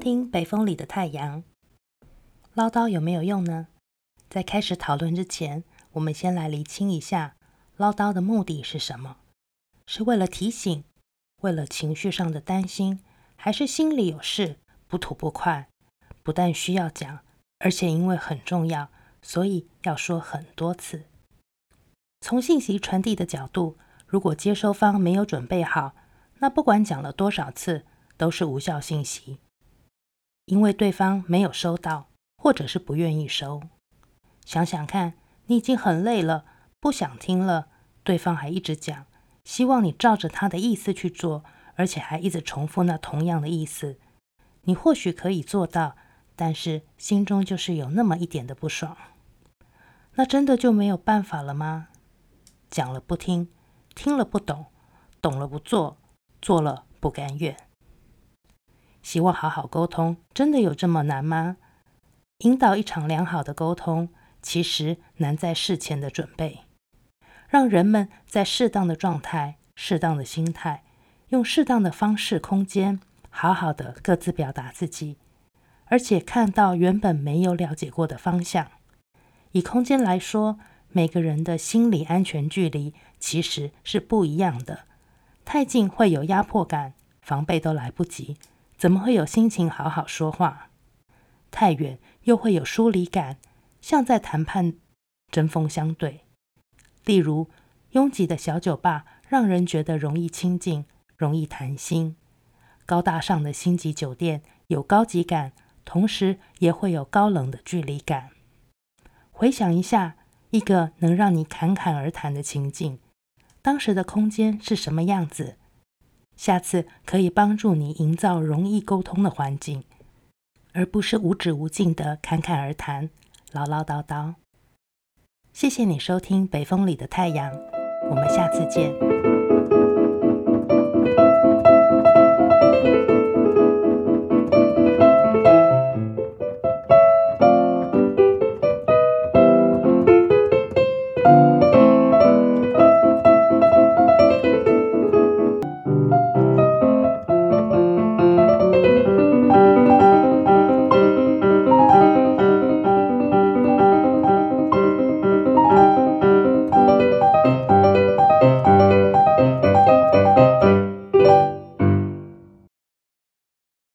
聽北風裡的太陽，嘮叨有沒有用呢？在開始討論之前，我們先來釐清一下嘮叨的目的是什麼？是為了提醒，為了情緒上的擔心，還是心裡有事不吐不快？不但需要講，而且因為很重要，所以要說很多次。從信息傳遞的角度，如果接收方沒有準備好，那不管講了多少次，都是無效信息。因為對方沒有收到，或者是不願意收。想想看，你已經很累了，不想聽了，對方還一直講，希望你照着他的意思去做，而且還一直重複那同樣的意思。你或許可以做到，但是心中就是有那麼一點的不爽。那真的就沒有辦法了嗎？講了不聽，聽了不懂，懂了不做，做了不甘願。希望好好溝通，真的有這麼難嗎？引導一場良好的溝通，其實難在事前的準備，讓人們在適當的狀態、適當的心態，用適當的方式、空間，好好的各自表達自己，而且看到原本沒有了解過的方向。以空間來說，每個人的心理安全距離其實是不一樣的，太近會有壓迫感，防備都來不及。怎麼會有心情好好說話？太遠又會有疏離感，像在談判，針鋒相對。例如，擁擠的小酒吧讓人覺得容易親近，容易談心；高大上的星級酒店有高級感，同時也會有高冷的距離感。回想一下，一個能讓你侃侃而談的情境，當時的空間是什麼樣子？下次可以幫助你營造容易溝通的環境，而不是無止無盡的侃侃而談、嘮嘮叨叨。謝謝你收聽《北風裡的太陽》，我們下次見。